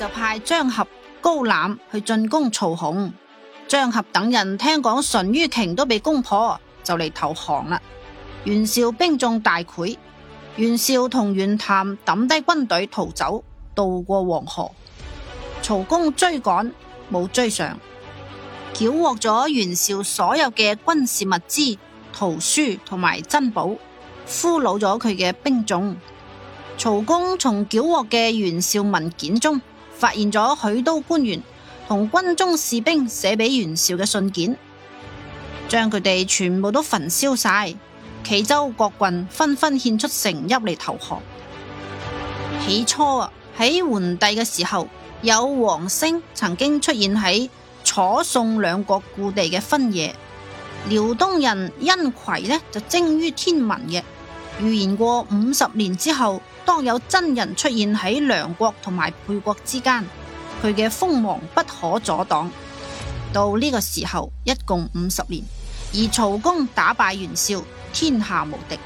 就派張合、高覽去進攻曹洪。張合等人聽講淳于瓊都被攻破，就嚟投降啦。袁紹兵眾大潰，袁紹同袁譚抌低軍隊逃走，渡過黃河。曹公追趕冇追上，繳獲咗袁紹所有嘅軍事物資、圖書同埋珍寶，俘虜咗佢嘅兵眾。曹公從繳獲嘅袁紹文件中，發現咗許多官員同軍中士兵寫俾袁紹嘅信件，將佢哋全部都焚燒晒。冀州各郡紛紛獻出城邑嚟投降。起初啊，喺桓帝嘅時候，有黃星曾經出現喺楚、宋兩國故地嘅分野。遼東人殷馗呢就精於天文嘅。預言過五十年之後，當有真人出現喺梁國同埋沛國之間，佢嘅鋒芒不可阻擋。到呢個時候，一共五十年，而曹公打敗袁紹，天下無敵。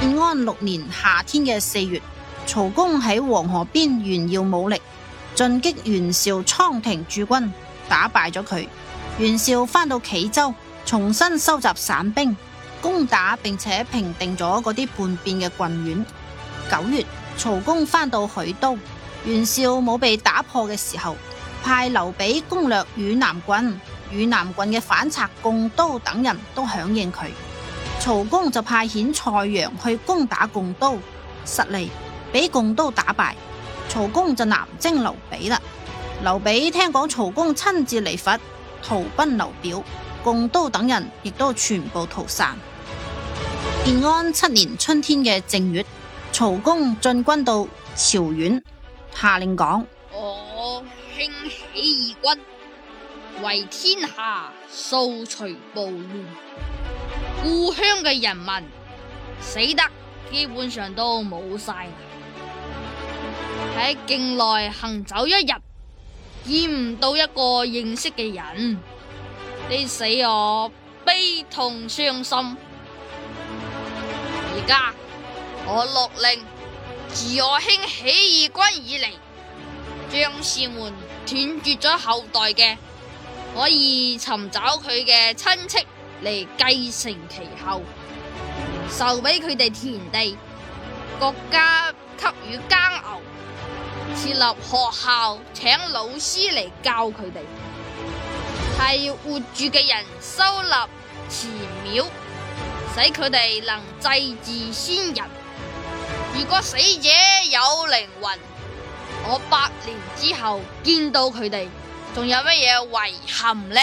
建安六年夏天嘅四月，曹公喺黃河邊炫耀武力，進擊袁紹倉亭駐軍，打敗咗佢。袁紹翻到冀州，重新收集散兵。攻打並且平定咗嗰啲叛變嘅郡縣。九月，曹公翻到許都，袁紹冇被打破嘅時候，派劉備攻略汝南郡，汝南郡嘅反賊龔都等人都響應佢，曹公就派遣蔡陽去攻打龔都，失利俾龔都打敗，曹公就南征劉備啦。劉備聽講曹公親自嚟伐，逃奔劉表。貢都等人亦都全部逃散。建安七年春天嘅正月，曹公進軍到谯縣，下令講：我興起義軍，為天下掃除暴亂。故鄉嘅人民死得基本上都冇晒，喺境內行走一日，見唔到一個認識嘅人。你死我悲痛傷心，而家我落令，自我興起義軍以來，將士們斷絕咗後代嘅，可以尋找佢嘅親戚嚟繼承其後，授俾佢哋田地，國家給予耕牛，設立學校，請老師嚟教佢哋。係活住嘅人修立祠廟，使佢哋能祭祀先人。如果死者有靈魂，我百年之後見到佢哋，仲有乜嘢遺憾呢？